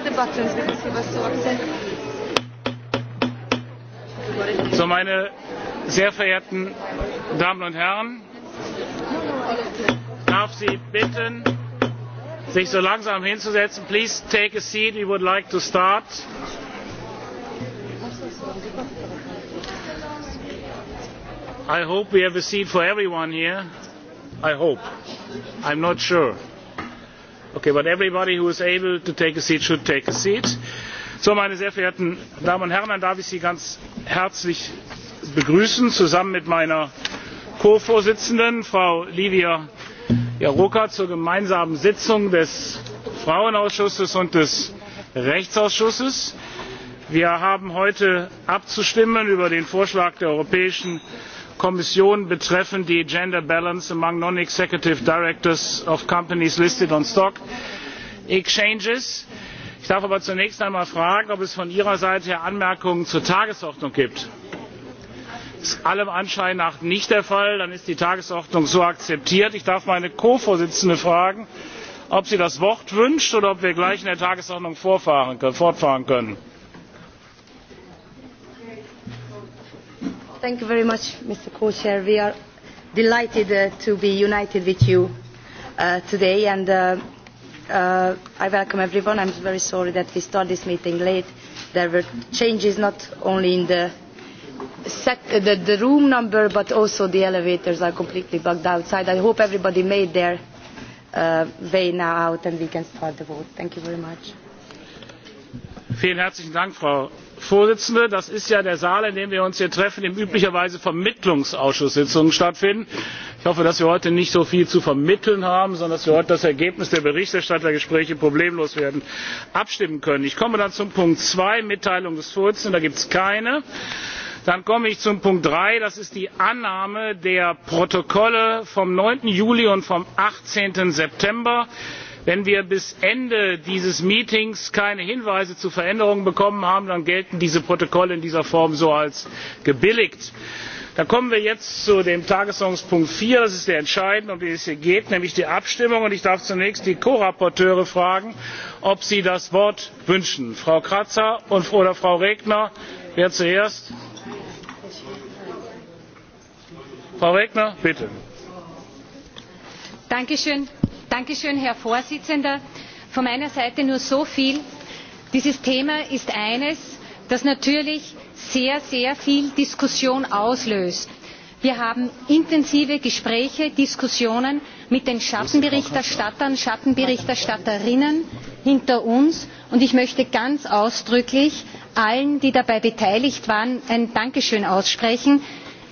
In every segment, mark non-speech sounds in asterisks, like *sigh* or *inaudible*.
Fall Debatte, wenn Sie was zu erzählen. So, meine sehr verehrten Damen und Herren, darf Sie bitten, sich so langsam hinzusetzen. Please take a seat. We would like to start. I hope we have a seat for everyone here. I hope. I'm not sure. Okay, but everybody who is able to take a seat should take a seat. So, meine sehr verehrten Damen und Herren, dann darf ich Sie ganz herzlich begrüßen, zusammen mit meiner Co-Vorsitzenden, Frau Livia Jaroka, zur gemeinsamen Sitzung des Frauenausschusses und des Rechtsausschusses. Wir haben heute abzustimmen über den Vorschlag der Europäischen kommission betreffen die gender balance among non executive directors of companies listed on stock exchanges. ich darf aber zunächst einmal fragen ob es von ihrer seite her anmerkungen zur tagesordnung gibt. das ist allem anschein nach nicht der fall. dann ist die tagesordnung so akzeptiert. ich darf meine ko vorsitzende fragen ob sie das wort wünscht oder ob wir gleich in der tagesordnung fortfahren können. Thank you very much, Mr. Co-Chair. We are delighted uh, to be united with you uh, today, and uh, uh, I welcome everyone. I'm very sorry that we start this meeting late. There were changes not only in the, set, uh, the, the room number, but also the elevators are completely bugged outside. I hope everybody made their uh, way now out, and we can start the vote. Thank you very much. Vielen herzlichen Dank, Frau vorsitzende das ist ja der saal in dem wir uns hier treffen in dem üblicherweise vermittlungsausschusssitzungen stattfinden. ich hoffe dass wir heute nicht so viel zu vermitteln haben sondern dass wir heute über das ergebnis der berichterstattergespräche problemlos werden abstimmen können. ich komme dann zu punkt zwei mitteilung des vorsitzenden da gibt es keine. dann komme ich zu punkt drei das ist die annahme der protokolle vom. neun juli und vom. achtzehn september wenn wir bis ende dieses meetings keine hinweise zu veränderungen bekommen haben dann gelten diese protokolle in dieser form so als gebilligt. dann kommen wir jetzt zu dem tagesordnungspunkt vier das ist der entscheidende um den es hier geht nämlich die abstimmung. ich darf zunächst die ko berichterstatterin fragen ob sie das wort wünschen frau kratsa oder frau regner? wer zuerst? frau regner bitte herr präsident! von meiner seite nur so viel dieses thema ist eines das natürlich sehr sehr viel diskussion auslöst. wir haben intensive gespräche diskussionen mit den schattenberichterstattern schattenberichterstatterinnen hinter uns und ich möchte ganz ausdrücklich allen die dabei beteiligt waren ein dankeschön aussprechen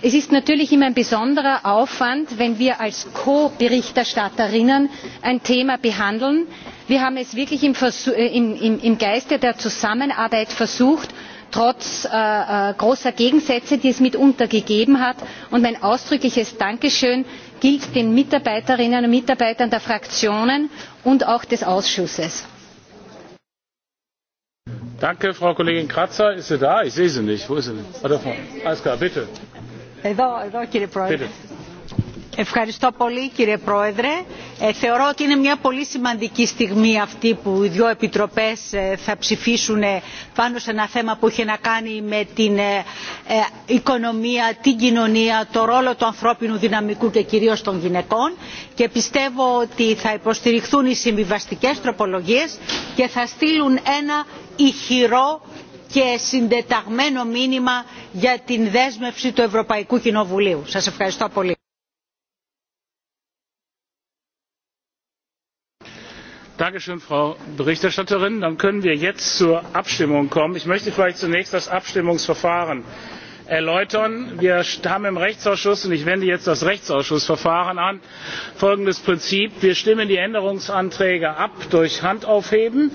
es ist natürlich immer ein besonderer aufwand wenn wir als ko berichterstatterinnen ein thema behandeln. wir haben es wirklich im äh, geiste der zusammenarbeit versucht trotz äh, äh, großer gegensätze die es mitunter gegeben hat und mein ausdrückliches dankeschön gilt den mitarbeiterinnen und mitarbeitern der fraktionen und auch des ausschusses. frau kollegin kratsa ist sie da? ich sehe sie nicht. wo ist sie? κύριε πρόεδρε θεωρώ ότι είναι μια πολύ σημαντική στιγμή αυτή που οι δύο επιτροπές θα ψηφίσουν πάνω σε ένα θέμα που έχει να κάνει με την οικονομία την κοινωνία το ρόλο του ανθρώπινου δυναμικού και κυρίως των γυναικών και πιστεύω ότι θα υποστηριχθούν οι συμβιβαστικές τροπολογίες και θα στείλουν ένα ηχηρό σήμα και συντεταγμένο μήνυμα για την δέσμευση του ευρωπαϊκού κοινοβουλίου. Σας ευχαριστώ πολύ. Dankeschön, Frau Berichterstatterin. Dann können wir jetzt zur Abstimmung kommen. Ich möchte vielleicht zunächst das Abstimmungsverfahren erläutern. Wir haben im Rechtsausschuss, und ich wende jetzt das Rechtsausschussverfahren an, folgendes Prinzip. Wir stimmen die Änderungsanträge ab durch Handaufheben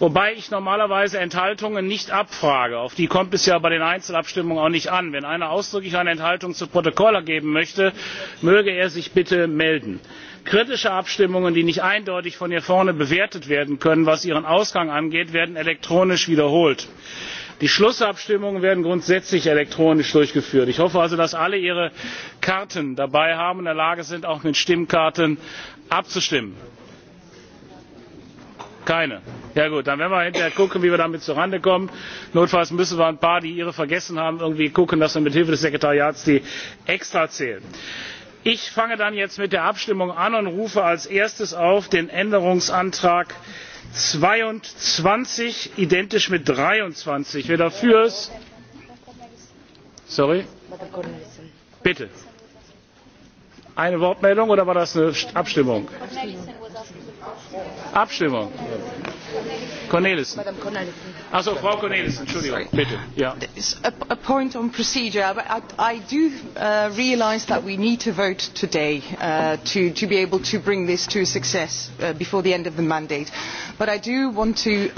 wobei ich normalerweise enthaltungen nicht abfrage auf die kommt es ja bei den einzelabstimmungen auch nicht an. wenn einer ausdrücklich eine enthaltung zu protokoll geben möchte möge er sich bitte melden. kritische abstimmungen die nicht eindeutig von hier vorne bewertet werden können was ihren ausgang angeht werden elektronisch wiederholt. die schlussabstimmungen werden grundsätzlich elektronisch durchgeführt. ich hoffe also dass alle ihre karten dabei haben und in der lage sind auch mit stimmkarten abzustimmen keine. ja gut dann werden wir hinterher gucken wie wir damit zurande kommen. notfalls müssen wir ein paar die ihre vergessen haben irgendwie gucken dass wir mit hilfe des sekretariats die extrazählen. ich fange dann jetzt mit der abstimmung an und rufe als erstes den änderungsantrag zweiundzwanzig identisch mit dreiundzwanzig auf. wer dafür ist? sorry? bitte. eine wortmeldung oder war das eine abstimmung? abstimmung. Ah, ja. a point on procedure i do uh, realise that we need to vote today uh, to be able to bring this to a success uh, before the end of the mandate but i do want to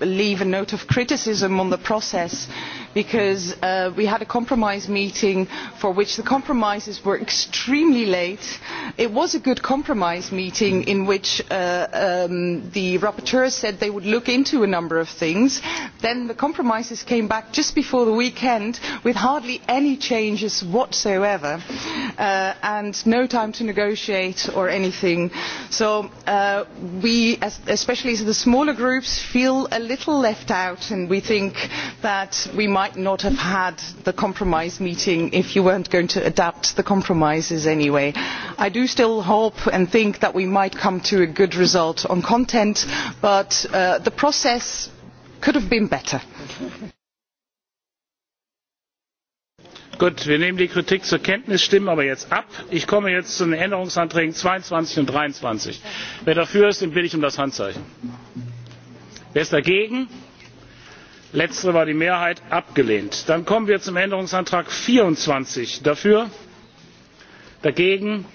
leave a note of criticism on the process because we had a compromise meeting for which the compromises were extremely late. it was a good compromise meeting in which um, the rapporteurs said they would not be voting against the compromise would look into a number of things. then the compromises came back just before the weekend with hardly any changes whatsoever uh, and no time to negotiate or anything. so uh, we, as, especially as the smaller groups, feel a little left out and we think that we might not have had the compromise meeting if you weren't going to adapt the compromises anyway. i do still hope and think that we might come to a good result on content but uh, the process could have been better. Gut, wir nehmen die Kritik zur Kenntnis, stimmen aber jetzt ab. Ich komme jetzt zu den Änderungsanträgen 22 und 23. Wer dafür ist, den bitte ich um das Handzeichen. Wer ist dagegen? Letztere war die Mehrheit abgelehnt. Dann kommen wir zum Änderungsantrag 24. Dafür? Dagegen?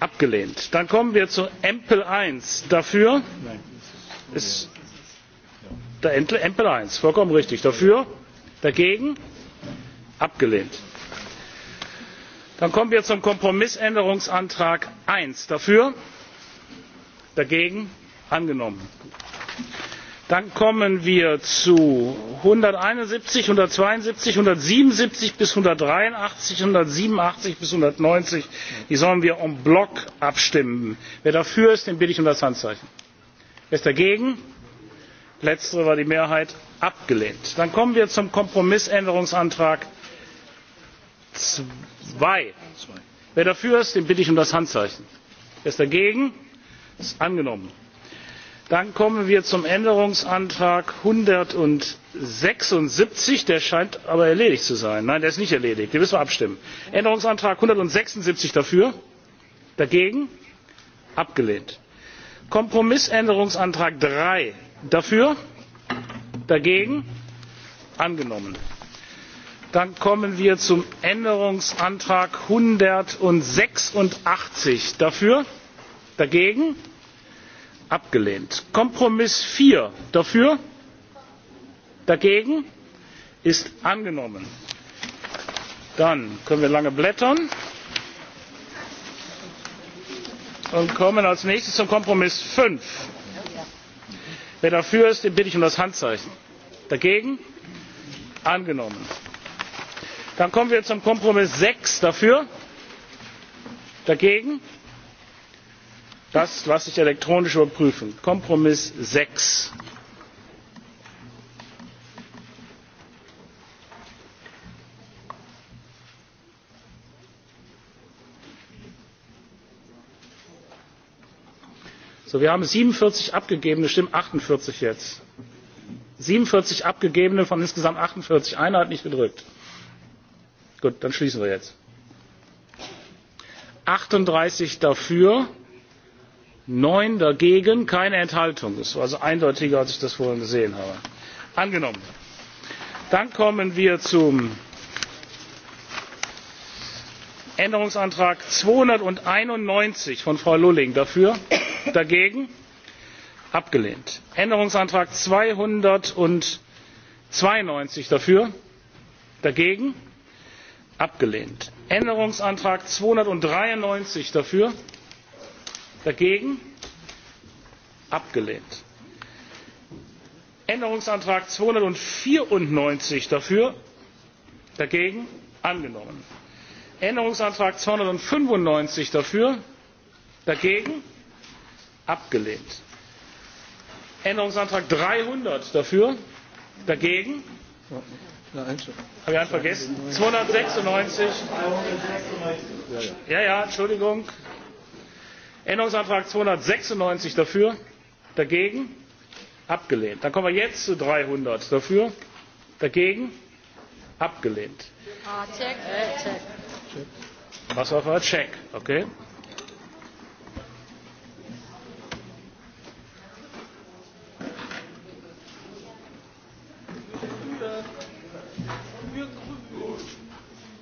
Abgelehnt. Dann kommen wir zu Empel 1. Dafür? Ist, ampel eins vollkommen richtig dafür dagegen abgelehnt. dann kommen wir zum kompromissänderungsantrag eins dafür dagegen angenommen. dann kommen wir zu einhunderteinundsiebzig einhundertzweiundsiebzig einhundertsiebenundsiebzig bis einhundertdreiundachtzig einhundertsiebenundachtzig bis einhundertneunzig die sollen wir en bloc abstimmen. wer dafür ist den bitte ich um das handzeichen. wer ist dagegen? letztere war die mehrheit abgelehnt. dann kommen wir zum kompromissänderungsantrag. zwei wer dafür ist den bitte ich um das handzeichen. wer ist dagegen? ist angenommen. dann kommen wir zum änderungsantrag einhundertsechsundsiebzig der scheint aber erledigt zu sein. nein der ist nicht erledigt. hier müssen wir abstimmen. änderungsantrag einhundertsechsundsiebzig dafür? dagegen? abgelehnt. kompromissänderungsantrag dafür dagegen angenommen. dann kommen wir zum änderungsantrag einhundertsechsundachtzig dafür dagegen abgelehnt. kompromiss vier dafür dagegen ist angenommen. dann können wir lange blättern und kommen als nächstes zum kompromiss wer dafür ist den bitte ich um das handzeichen. dagegen? angenommen. dann kommen wir zum kompromiss sechs dafür? dagegen? das lasse ich elektronisch überprüfen. kompromiss sechs wir haben siebenundvierzig abgegebene stimmen achtundvierzig jetzt siebenundvierzig abgegebene von insgesamt achtundvierzig eine hat nicht gedrückt. gut dann schließen wir jetzt. achtunddreißig dafür neun dagegen keine enthaltung. das war also eindeutiger als ich das vorhin gesehen habe. angenommen! dann kommen wir zum änderungsantrag zweihunderteinundneunzig von frau lulling dagegen abgelehnt; änderungsantrag zweihundertzweiundneunzig dafür dagegen abgelehnt; änderungsantrag zweihundertdreiundneunzig dafür dagegen abgelehnt; änderungsantrag zweihundertvierundneunzig dafür dagegen angenommen; änderungsantrag zweihundertfünfundneunzig dafür dagegen abgelehnt. änderungsantrag dreihundert dafür dagegen ja, habe ich einen vergessen zweihundertsechsundneunzig ja ja entschuldigung änderungsantrag zweihundertsechsundneunzig dafür dagegen abgelehnt. dann kommen wir jetzt zu dreihundert dafür dagegen abgelehnt. Ah, äh, was war vorher? check. okay.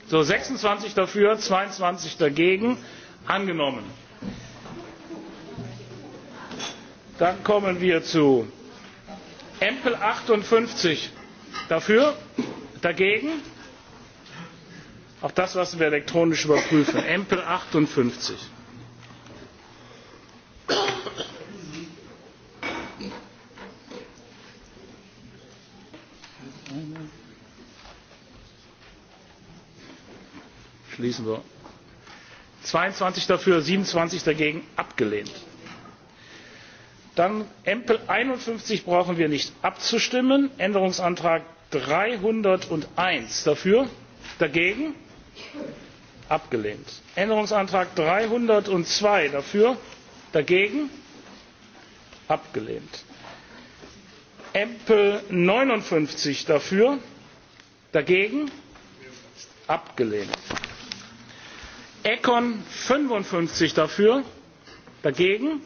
sechsundzwanzig dafür zweiundzwanzig dagegen angenommen. dann kommen wir zu empl achtundfünfzig dafür dagegen auch das lassen wir elektronisch überprüfen empl achtundfünfzig beschließen wird zweiundzwanzig dafür siebenundzwanzig dagegen abgelehnt. dann änderungsantrag einundfünfzig brauchen wir nicht abzustimmen änderungsantrag dreihunderteins dafür dagegen abgelehnt; änderungsantrag dreihundertzwei dafür dagegen abgelehnt; änderungsantrag neunundfünfzig dafür dagegen abgelehnt econ fünfundfünfzig dafür dagegen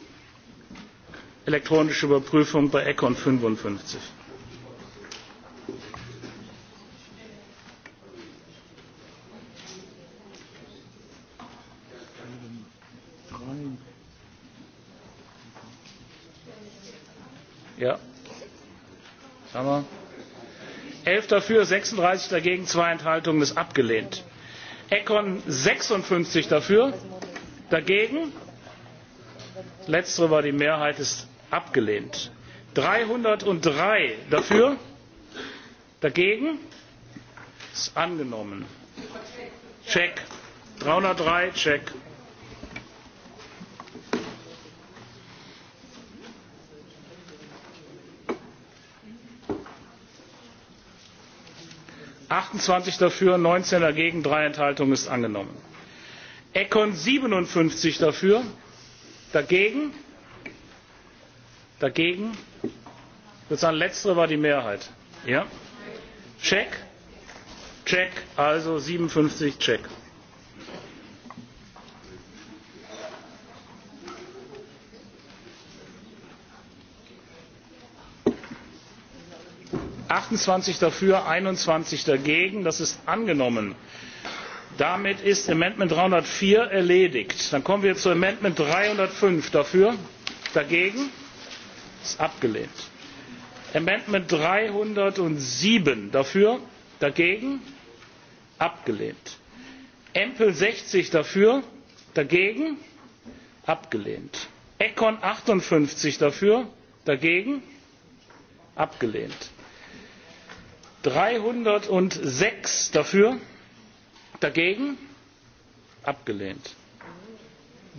elektronische überprüfung bei econ. fünfundfünfzig ja. elf dafür sechsunddreißig dagegen zwei enthaltungen ist abgelehnt econ sechsundfünfzig dafür dagegen letztere war die mehrheit ist abgelehnt dreihundertdrei dafür dagegen ist angenommen check dreihundertdrei check. achtundzwanzig dafür neunzehn dagegen drei enthaltungen ist angenommen; econ siebenundfünfzig dafür dagegen ich würde sagen letztere war die mehrheit ja? check check also siebenundfünfzig achtundzwanzig dafür einundzwanzig dagegen das ist angenommen. damit ist änderungsantrag dreihundertvier erledigt. dann kommen wir zu änderungsantrag dreihundertfünf dafür dagegen ist abgelehnt. änderungsantrag dreihundertsieben dafür dagegen abgelehnt. empl sechzig dafür dagegen abgelehnt. econ achtundfünfzig dafür dagegen abgelehnt dreihundertsechs dafür dagegen abgelehnt;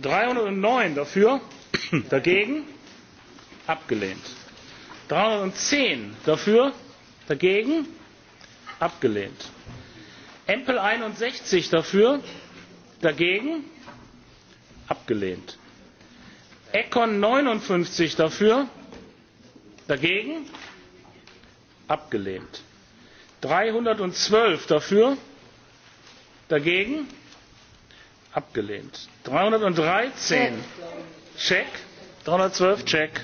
dreihundertneun dafür *coughs* dagegen abgelehnt; dreihundertzehn dafür dagegen abgelehnt; empl. einundsechzig dafür dagegen abgelehnt; econ neunundfünfzig dafür dagegen abgelehnt; dreihundertzwölf dafür dagegen abgelehnt; dreihundertdreizehn check dreihundertzwölf check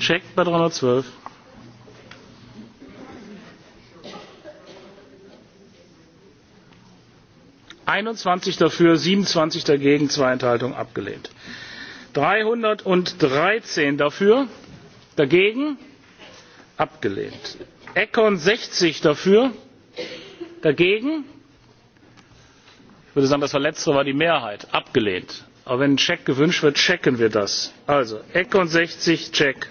check bei dreihundertzwölf einundzwanzig dafür siebenundzwanzig dagegen zwei enthaltungen abgelehnt; dreihundertdreizehn dafür dagegen abgelehnt. econ sechzig dafür dagegen ich würde sagen das war letztere war die mehrheit abgelehnt. aber wenn ein check gewünscht wird checken wir das. also econ sechzig check.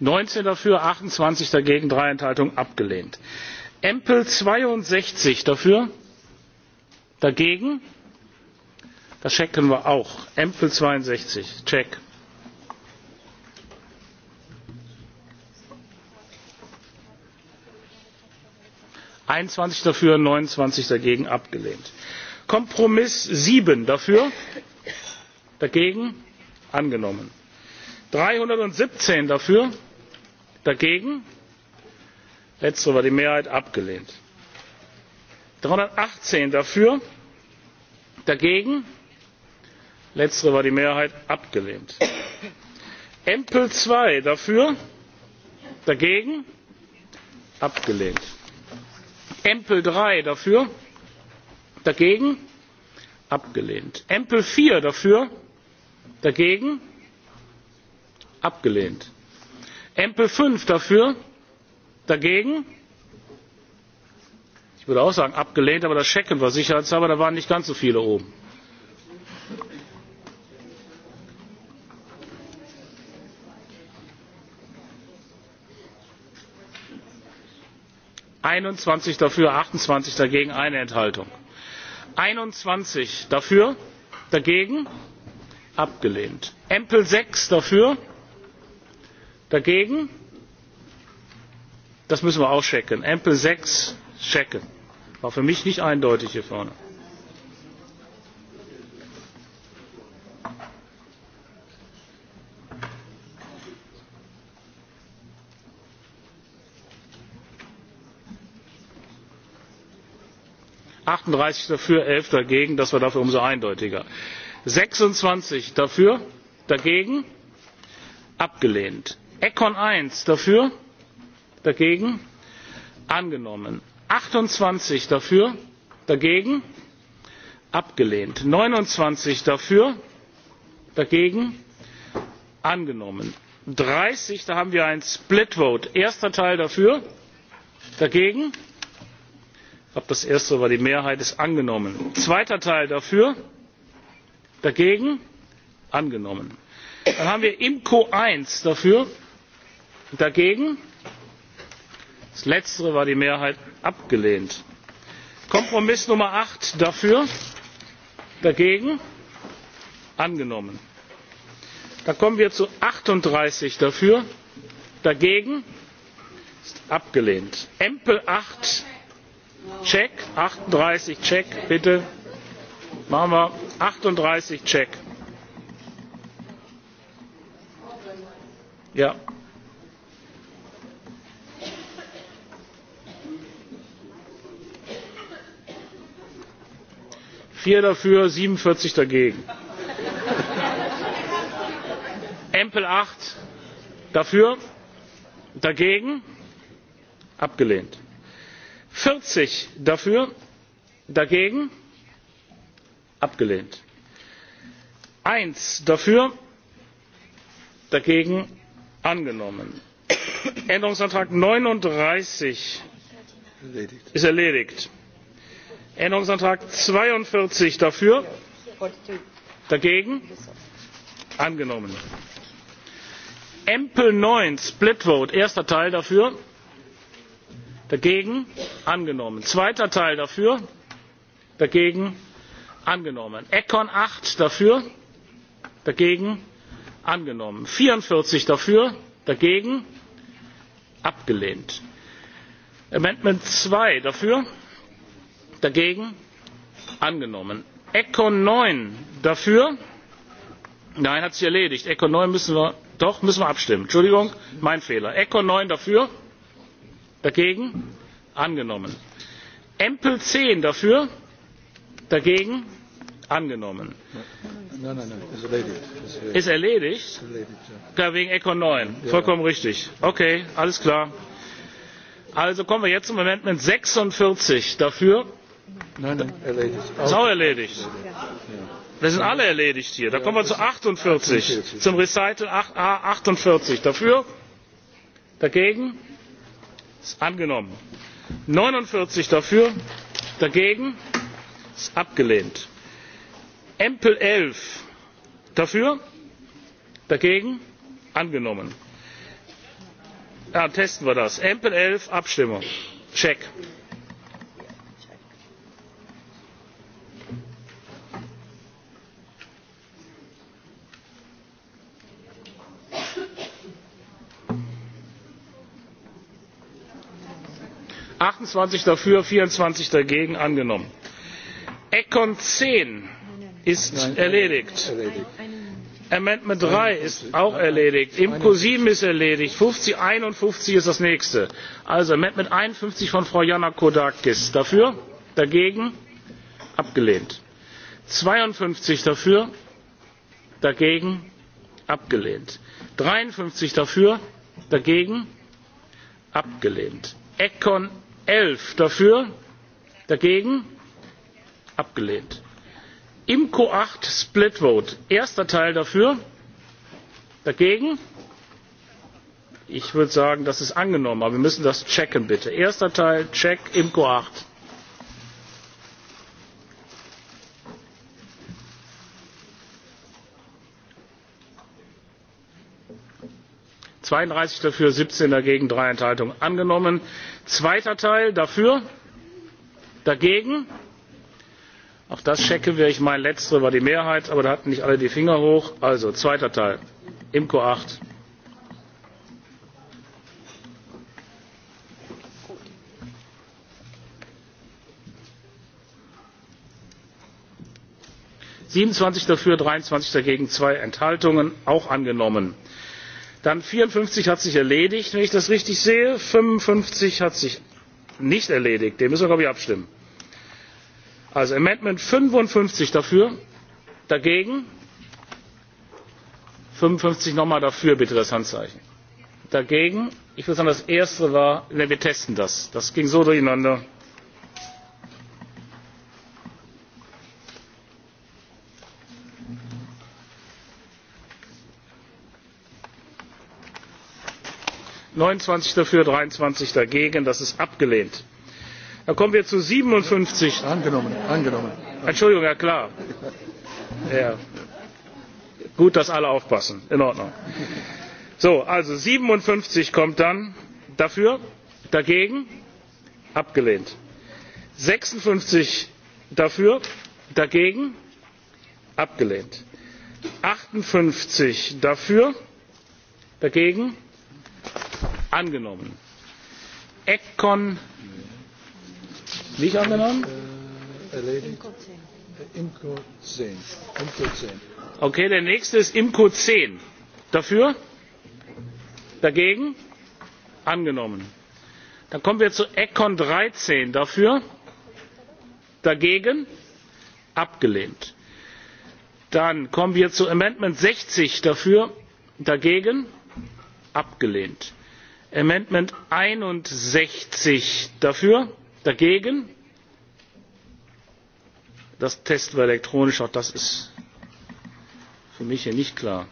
neunzehn dafür achtundzwanzig dagegen drei enthaltungen abgelehnt empl zweiundsechzig dafür dagegen das checken wir auch empl zweiundsechzig check einundzwanzig dafür neunundzwanzig dagegen abgelehnt. kompromiss sieben dafür dagegen angenommen; dreihundertsiebzehn dafür dagegen letztere über die mehrheit abgelehnt. dreihundertachtzehn dafür dagegen letztere über die mehrheit abgelehnt. empl zwei dafür dagegen abgelehnt. empl drei dafür dagegen abgelehnt. empl vier dafür dagegen abgelehnt. empl fünf dafür dagegen ich würde auch sagen abgelehnt aber das checken wir sicherheitshalber da waren nicht ganz so viele oben. einundzwanzig dafür achtundzwanzig dagegen eine enthaltung. einundzwanzig dafür dagegen abgelehnt. sechs dafür dagegen das müssen wir auch checken ampel sechs checken war für mich nicht eindeutig hier vorne. achtunddreißig dafür elf dagegen das war dafür umso eindeutiger. sechsundzwanzig dafür dagegen abgelehnt. econ eins dafür dagegen angenommen; achtundzwanzig dafür dagegen abgelehnt; neunundzwanzig dafür dagegen angenommen; dreißig da haben wir ein split vote erster teil dafür dagegen ich glaube das erste war die mehrheit ist angenommen; zweiter teil dafür dagegen angenommen; dann haben wir im q eins dafür dagegen das letztere war die mehrheit abgelehnt. kompromiss nummer acht dafür dagegen angenommen. da kommen wir zu achtunddreißig dafür dagegen abgelehnt. empl acht check achtunddreißig check bitte. machen wir achtunddreißig check. Ja. vier dafür siebenundvierzig dagegen empl acht dafür dagegen abgelehnt; vierzig dafür dagegen abgelehnt; eins dafür dagegen angenommen; änderungsantrag neununddreißig ist erledigt; änderungsantrag zweiundvierzig dafür dagegen angenommen; empl neun split vote erster teil dafür dagegen angenommen; zweiter teil dafür dagegen angenommen; econ acht dafür dagegen angenommen; vierundvierzig dafür dagegen abgelehnt; amendment zwei dafür dagegen angenommen; eckel neun dafür nein hat sich erledigt eckel neun müssen wir doch müssen wir abstimmen entschuldigung mein fehler eckel neun dafür dagegen angenommen; empl zehn dafür dagegen angenommen; no, no, no, ist erledigt ja. Ja, wegen eckel neun ja. vollkommen richtig okay alles klar. also kommen wir jetzt zu änderungsantrag sechsundvierzig dafür Nein, nein, erledigt. erledigt. Ja. Wir sind alle erledigt hier. Da kommen wir zu 48, ja, zum Recital 48. Dafür? Dagegen? Ist angenommen. 49 dafür? Dagegen? Ist abgelehnt. Empel 11 dafür? Dagegen? Angenommen. Dann ja, testen wir das. Empel 11, Abstimmung. Check. achtundzwanzig dafür vierundzwanzig dagegen angenommen. eckon zehn ist erledigt. änderungsantrag drei ist auch erledigt. imco sieben ist erledigt. einundfünfzig ist das nächste. also änderungsantrag einundfünfzig von frau yannakoudakis dafür? dagegen? abgelehnt. zweiundfünfzig dafür? dagegen? abgelehnt. dreiundfünfzig dafür? dagegen? abgelehnt. eckon elf dafür dagegen abgelehnt; imco acht split vote erster teil dafür dagegen ich würde sagen das ist angenommen aber wir müssen das checken bitte erster teil check imco acht zweiunddreißig dafür siebzehn dagegen drei enthaltungen angenommen; zweiter teil dafür dagegen auch das checke wir ich meine letztere war die mehrheit aber da hatten nicht alle die finger hoch also zweiter teil imco acht siebenundzwanzig dafür dreiundzwanzig dagegen zwei enthaltungen auch angenommen; dann vierundfünfzig hat sich erledigt wenn ich das richtig sehe fünfundfünfzig hat sich nicht erledigt den müssen wir glaube ich abstimmen. also änderungsantrag fünfundfünfzig dafür dagegen fünfundfünfzig noch einmal dafür bitte das handzeichen dagegen ich würde sagen das erste war nein wir testen das das ging so durcheinander. neunundzwanzig dafür dreiundzwanzig dagegen das ist abgelehnt. dann kommen wir zu siebenundfünfzig entschuldigung herr ja klar ja. gut dass alle aufpassen in ordnung. also siebenundfünfzig kommt dann dafür dagegen abgelehnt sechsundfünfzig dafür dagegen abgelehnt achtundfünfzig dafür dagegen angenommen; econ nicht angenommen; äh, imco zehn; äh, der nächste ist imco zehn; dafür; dagegen; angenommen. dann kommen wir zu econ dreizehn; dafür; dagegen; abgelehnt. dann kommen wir zu änderungsantrag sechzig; dafür; dagegen; abgelehnt änderungsantrag einundsechzig dafür dagegen das testen wir elektronisch auch das ist für mich hier nicht klar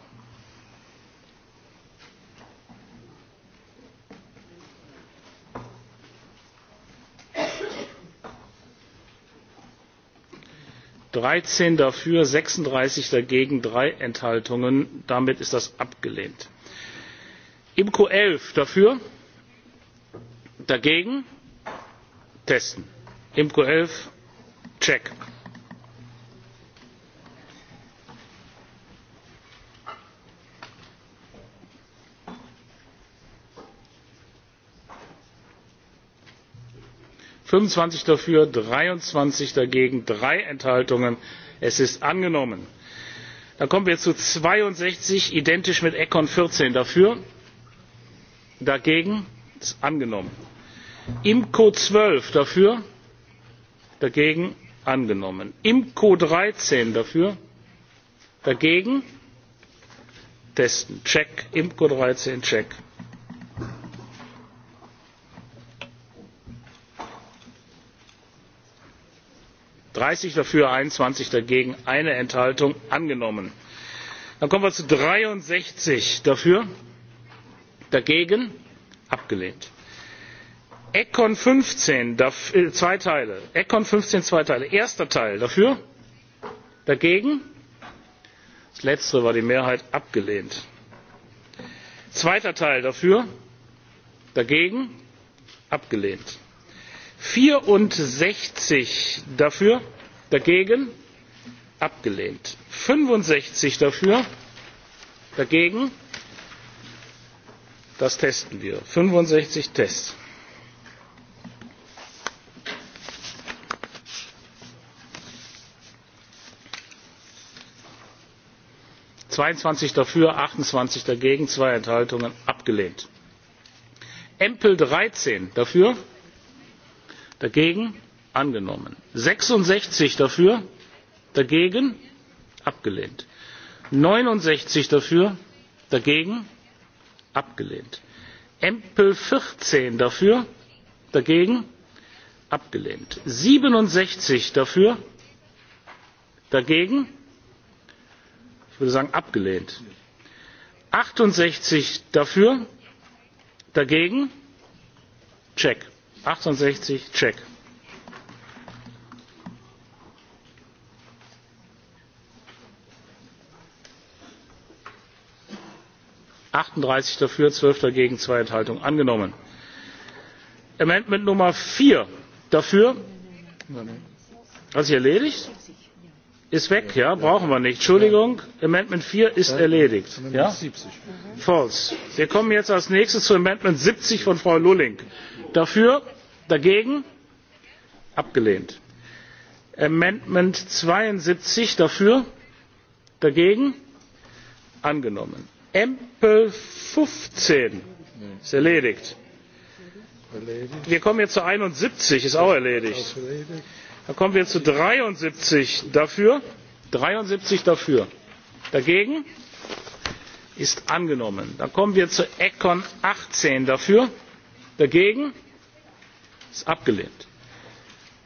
dreizehn dafür sechsunddreißig dagegen drei enthaltungen. damit ist das abgelehnt imco elf dafür dagegen testen imco elf check fünfundzwanzig dafür dreiundzwanzig dagegen drei enthaltungen. es ist angenommen. dann kommen wir zu zweiundsechzig identisch mit econ vierzehn dafür dagegen ist angenommen; imco zwölf dafür dagegen angenommen; imco dreizehn dafür dagegen testen check imco dreizehn check. dreißig dafür einundzwanzig dagegen eine enthaltung angenommen. dann kommen wir zu dreiundsechzig dafür dagegen abgelehnt. eckon fünfzehn äh, zwei teile eckon fünfzehn zwei teile erster teil dafür dagegen das letztere war die mehrheit abgelehnt zweiter teil dafür dagegen abgelehnt vierundsechzig dafür dagegen abgelehnt fünfundsechzig dafür dagegen das testen wir fünfundsechzig tests zweiundzwanzig dafür achtundzwanzig dagegen zwei enthaltungen abgelehnt. empl dreizehn dafür dagegen angenommen; sechsundsechzig dafür dagegen abgelehnt; neunundsechzig dafür dagegen abgelehnt; empl. vierzehn dafür dagegen abgelehnt; siebenundsechzig dafür dagegen ich würde sagen abgelehnt; achtundsechzig dafür dagegen check; achtundsechzig achtunddreißig dafür zwölf dagegen zwei enthaltungen angenommen; änderungsantrag vier dafür hat sich erledigt ist weg ja brauchen wir nicht entschuldigung änderungsantrag vier ist erledigt ja false. wir kommen jetzt als nächstes zu änderungsantrag siebzig von frau lulling dafür dagegen abgelehnt; änderungsantrag zweiundsiebzig dafür dagegen angenommen empl. fünfzehn ist erledigt. wir kommen jetzt zu einundsiebzig ist auch erledigt. dann kommen wir zu dreiundsiebzig dafür dreiundsiebzig dafür dagegen ist angenommen. dann kommen wir zu econ achtzehn dafür dagegen ist abgelehnt.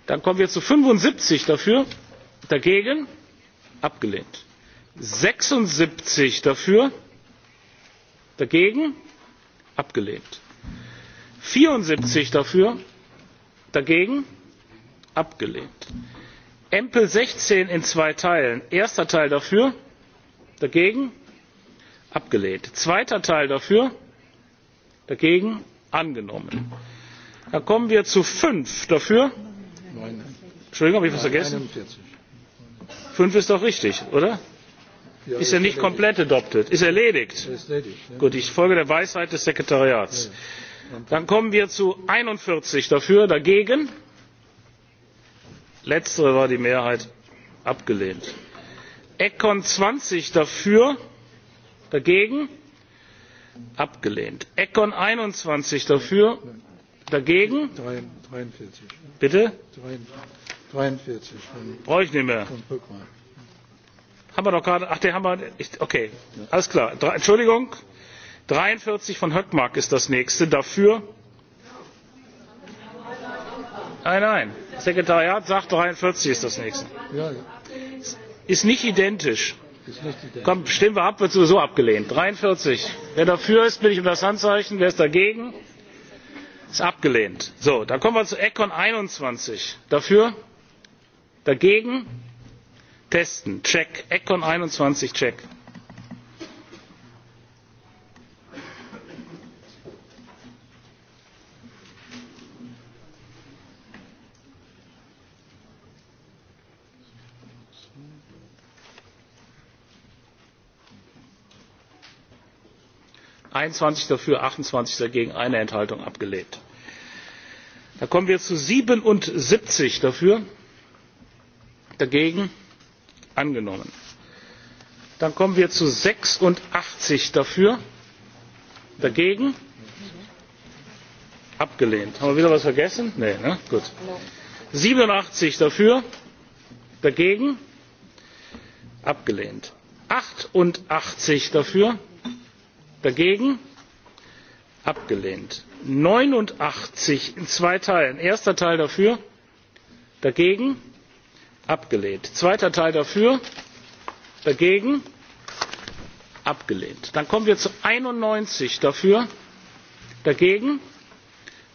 dann kommen wir zu fünfundsiebzig dafür dagegen abgelehnt. sechsundsiebzig dafür dagegen abgelehnt; vierundsiebzig dafür dagegen abgelehnt; empl sechzehn in zwei teilen erster teil dafür dagegen abgelehnt; zweiter teil dafür dagegen angenommen. dann kommen wir zu fünf dafür entschuldigung habe ich etwas vergessen? fünf ist doch richtig oder? Ja, ist er nicht komplett adopted ist er erledigt. Er ja. gut ich folge der weisheit des sekretariats. Ja, dann kommen wir zu einundvierzig dafür dagegen letztere war die mehrheit abgelehnt econ zwanzig dafür dagegen abgelehnt econ einundzwanzig dafür dagegen dreiundvierzig bitte? dreiundvierzig brauche ich nicht mehr haben wir doch gerade ach den haben wir okay alles klar entschuldigung dreiundvierzig von hökmark ist das nächste dafür nein nein das sekretariat sagt dreiundvierzig ist das nächste ja, ja. ist nicht identisch komm stimmen wir ab wird sowieso abgelehnt dreiundvierzig wer dafür ist bitte ich um das handzeichen wer ist dagegen ist abgelehnt so dann kommen wir zu econ einundzwanzig dafür dagegen testen check econ einundzwanzig check. einundzwanzig dafür achtundzwanzig dagegen eine enthaltung abgelehnt. dann kommen wir zu siebenundsiebzig dafür dagegen angenommen. dann kommen wir zu sechsundachtzig dafür dagegen abgelehnt. haben wir wieder etwas vergessen? nein. siebenundachtzig dafür dagegen abgelehnt. achtundachtzig dafür dagegen abgelehnt. neunundachtzig in zwei teilen erster teil dafür dagegen abgelehnt. zweiter teil dafür dagegen abgelehnt. dann kommen wir zu einundneunzig dafür dagegen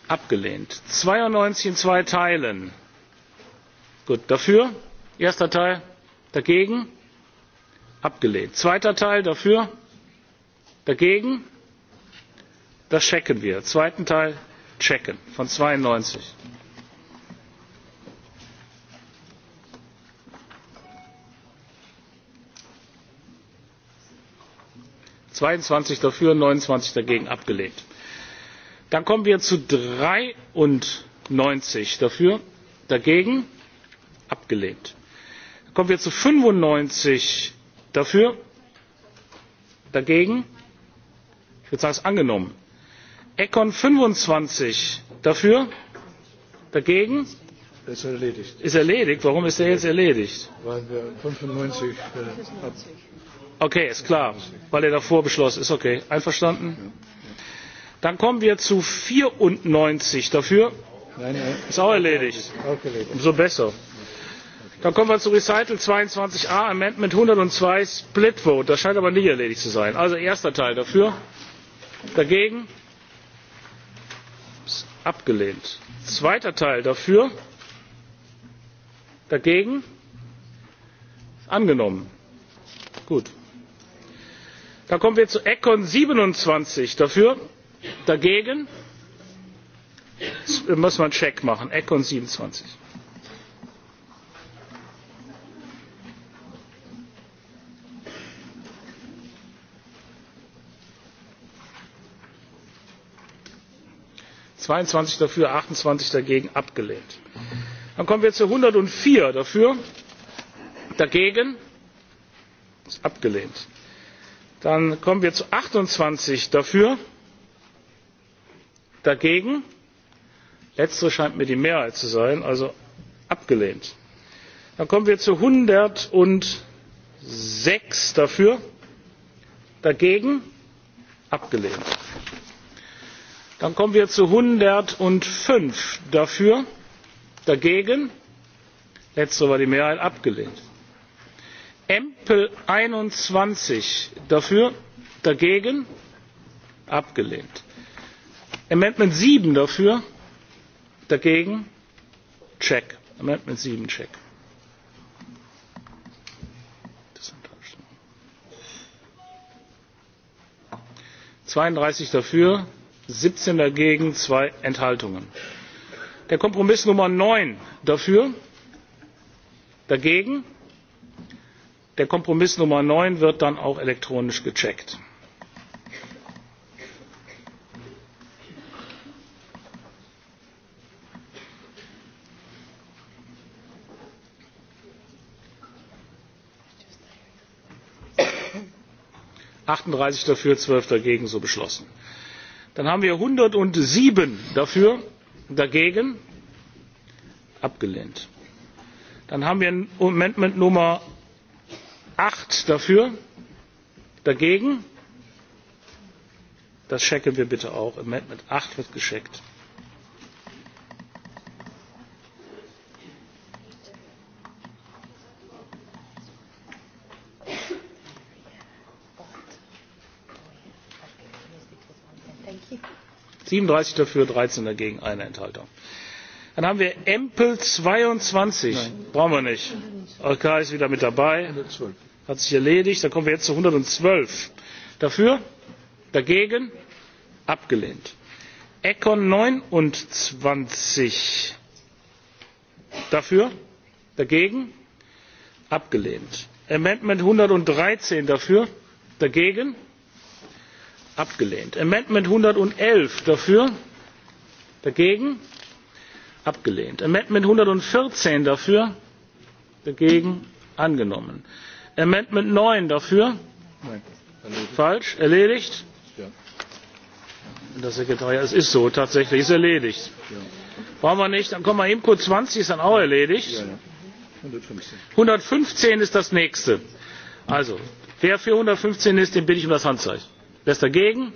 abgelehnt. zweiundneunzig in zwei teilen dafür erster teil dagegen abgelehnt. zweiter teil dafür dagegen das checken wir. zweiten teil checken von zweiundneunzig. zweiundzwanzig dafür neunundzwanzig dagegen abgelehnt. dann kommen wir zu dreiundneunzig dafür dagegen abgelehnt. dann kommen wir zu fünfundneunzig dafür dagegen ich würde sagen es ist angenommen. eckhorn fünfundzwanzig dafür dagegen ist erledigt. ist erledigt? warum ist er jetzt erledigt? weil wir fünfundneunzig äh, okay ist klar weil er davor beschlossen ist okay einverstanden. dann kommen wir zu vierundneunzig dafür ist auch erledigt umso besser. dann kommen wir zu erwägung zweiundzwanzig a änderungsantrag einhundertzwei split vote das scheint aber nicht erledigt zu sein. also erster teil dafür dagegen ist abgelehnt. zweiter teil dafür dagegen angenommen. gut da kommen wir zu eckont siebenundzwanzig dafür dagegen muss man check machen eckont siebenundzwanzig zweiundzwanzig dafür achtundzwanzig dagegen abgelehnt. dann kommen wir zu einhundertvier dafür dagegen abgelehnt dann kommen wir zu achtundzwanzig dafür dagegen letztere scheint mir die mehrheit zu sein also abgelehnt. dann kommen wir zu einhundertsechs dafür dagegen abgelehnt. dann kommen wir zu einhundertfünf dafür dagegen letztere war die mehrheit abgelehnt empl einundzwanzig dafür dagegen abgelehnt; änderungsantrag sieben dafür dagegen check; änderungsantrag sieben check. zweiunddreißig dafür siebzehn dagegen zwei enthaltungen. der kompromiss nummer neun dafür dagegen der kompromiss nummer neun wird dann auch elektronisch gecheckt. achtunddreißig dafür zwölf dagegen so beschlossen. dann haben wir einhundertsieben dafür dagegen abgelehnt. dann haben wir änderungsantrag nummer acht dafür dagegen das checken wir bitte auch änderungsantrag acht wird gecheckt siebenunddreißig dafür dreizehn dagegen eine enthaltung. dann haben wir empl zweiundzwanzig brauchen wir nicht. okay ist wieder mit dabei hat sich erledigt. dann kommen wir jetzt zu einhundertzwölf dafür dagegen abgelehnt. eckhorn neunundzwanzig dafür dagegen abgelehnt. änderungsantrag einhundertdreizehn dafür dagegen abgelehnt. änderungsantrag einhundertelf dafür dagegen abgelehnt. änderungsantrag einhundertvierzehn dafür dagegen angenommen einhundertfünfzehn ja. ja. ja, ist das nächste. also wer für einhundertfünfzehn ist den bitte ich um das handzeichen. wer ist dagegen?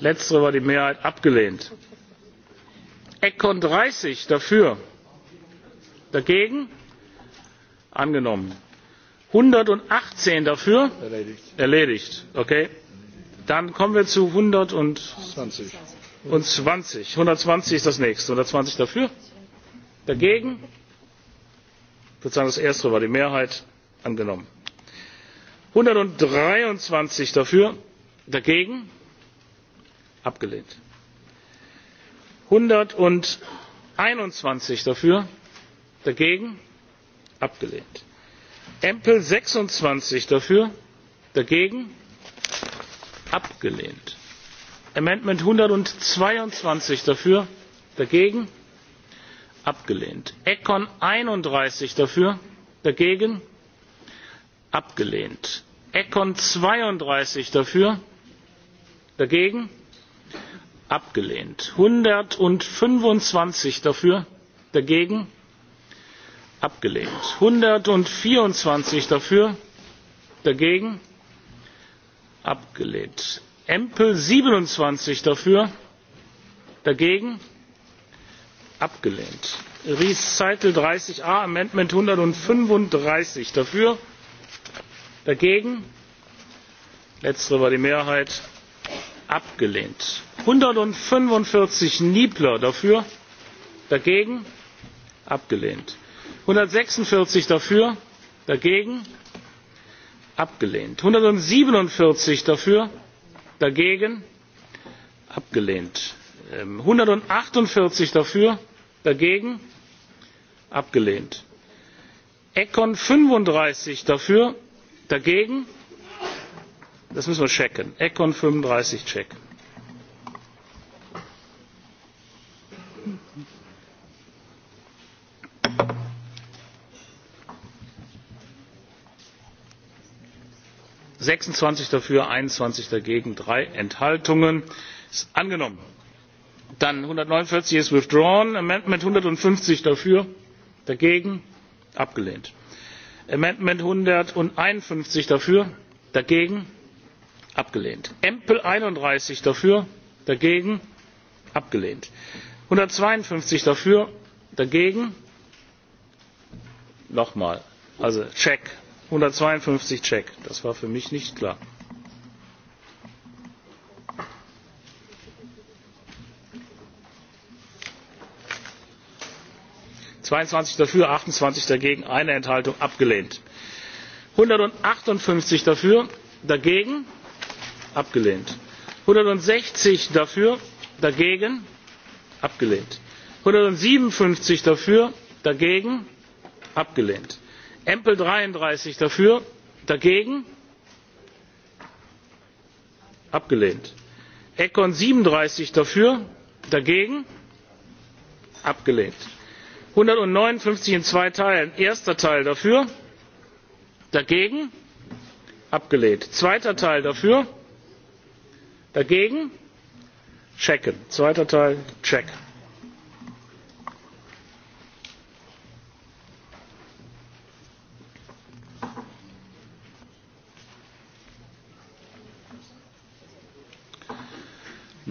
letztere war die mehrheit abgelehnt. eckhond dreißig dafür. dagegen? angenommen; einhundertachtzehn dafür erledigt. dann kommen wir zu einhundertzwanzig einhundertzwanzig ist das nächste einhundertzwanzig dafür dagegen? ich würde sagen das erstere war die mehrheit angenommen; einhundertdreiundzwanzig dafür dagegen? abgelehnt; einhunderteinundzwanzig dafür dagegen? abgelehnt. empl. sechsundzwanzig dafür dagegen abgelehnt. amendment einhundertzweiundzwanzig dafür dagegen abgelehnt. econ einunddreißig dafür dagegen abgelehnt. econ zweiunddreißig dafür dagegen abgelehnt. einhundertfünfundzwanzig dafür dagegen abgelehnt; einhundertvierundzwanzig dafür dagegen abgelehnt; empl. siebenundzwanzig dafür dagegen abgelehnt; recital dreißig a änderungsantrag einhundertfünfunddreißig dafür dagegen letztere war die mehrheit abgelehnt; einhundertfünfundvierzig niebler dafür dagegen abgelehnt; einhundertsechsundvierzig dafür dagegen abgelehnt; einhundertsiebenundvierzig dafür dagegen abgelehnt; einhundertachtundvierzig ähm, dafür dagegen abgelehnt; econ fünfunddreißig dafür dagegen das müssen wir checken econ fünfunddreißig sechsundzwanzig dafür einundzwanzig dagegen drei enthaltungen ist angenommen. dann änderungsantrag einhundertneunundvierzig einhundertfünfzig dafür dagegen abgelehnt; einhunderteinundfünfzig dafür dagegen abgelehnt; einunddreißig dafür dagegen abgelehnt; einhundertzweiundfünfzig dafür dagegen nochmal also check einhundertzweiundfünfzig check das war für mich nicht klar. zweiundzwanzig dafür achtundzwanzig dagegen eine enthaltung abgelehnt. einhundertachtundfünfzig dafür dagegen abgelehnt. einhundertsechzig dafür dagegen abgelehnt. einhundertsiebenundfünfzig dafür dagegen abgelehnt empl. dreiunddreißig dafür dagegen abgelehnt; econ siebenunddreißig dafür dagegen abgelehnt; einhundertneunundfünfzig in zwei teilen erster teil dafür dagegen abgelehnt; zweiter teil dafür dagegen checken zweiter teil check;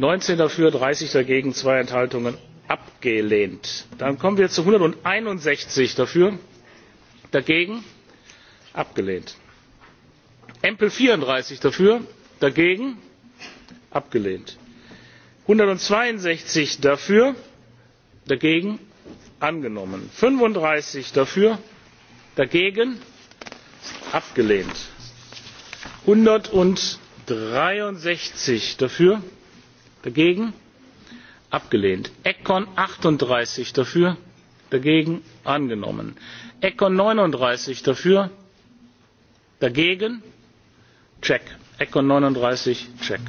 neunzehn dafür dreißig dagegen zwei enthaltungen abgelehnt. dann kommen wir zu einhunderteinundsechzig dafür dagegen abgelehnt; empl. vierunddreißig dafür dagegen abgelehnt; einhundertzweiundsechzig dafür dagegen angenommen; fünfunddreißig dafür dagegen abgelehnt; einhundertdreiundsechzig dafür dagegen; abgelehnt; econ achtunddreißig dafür; dagegen; angenommen; econ neununddreißig dafür; dagegen; check; econ neununddreißig check.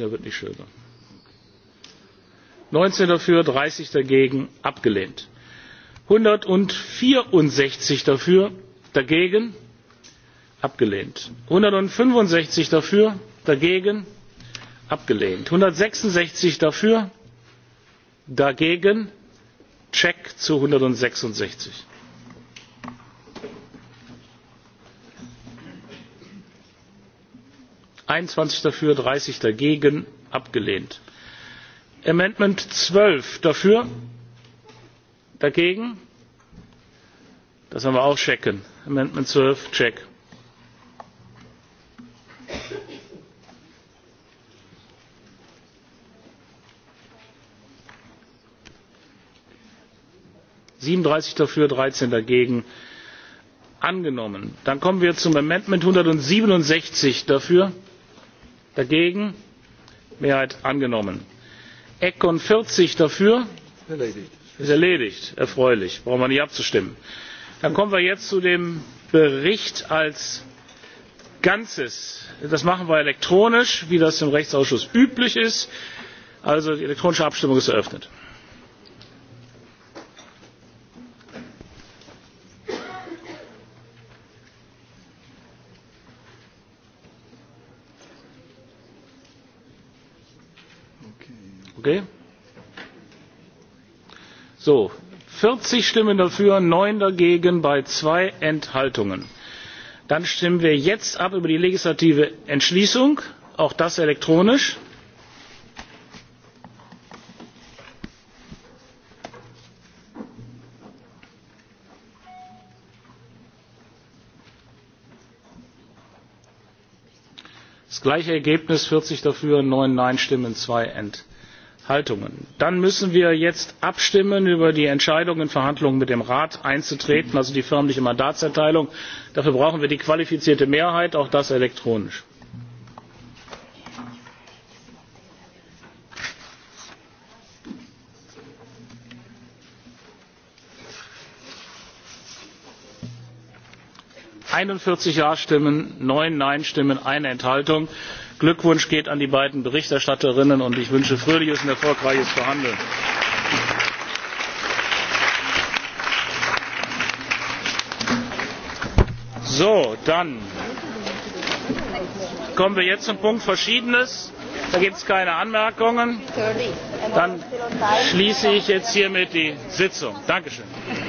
der ja, wird nicht schöner. 19 dafür, 30 dagegen, abgelehnt. 164 dafür, dagegen, abgelehnt. 165 dafür, dagegen, abgelehnt. 166 dafür, dagegen, check zu 166. einundzwanzig dafür dreißig dagegen abgelehnt; änderungsantrag zwölf dafür dagegen das werden wir auch checken; änderungsantrag zwölf check; siebenunddreißig dafür dreizehn dagegen angenommen. dann kommen wir zum änderungsantrag einhundertsiebenundsechzig dafür dagegen mehrheit angenommen econ vierzig dafür ist erledigt erfreulich brauchen wir nicht abzustimmen. dann kommen wir jetzt zu dem bericht als ganzem. das machen wir elektronisch wie das im rechtsausschuss üblich ist. also die elektronische abstimmung ist eröffnet. vierzig stimmen dafür neun dagegen bei zwei enthaltungen. dann stimmen wir jetzt ab über die legislative entschließung auch das elektronisch. das gleiche ergebnis vierzig dafür neun nein stimmen zwei enthaltungen haltungen. dann müssen wir jetzt abstimmen über die entscheidung in verhandlungen mit dem rat einzutreten also die förmliche mandatserteilung. dafür brauchen wir die qualifizierte mehrheit auch das elektronisch. einundvierzig ja stimmen neun nein stimmen eins enthaltung glückwunsch geht an die beiden berichterstatterinnen und ich wünsche fröhliches und erfolgreiches verhandeln. dann kommen wir jetzt zum punkt verschiedenes. da gibt es keine anmerkungen. dann schließe ich jetzt hiermit die sitzung. danke schön.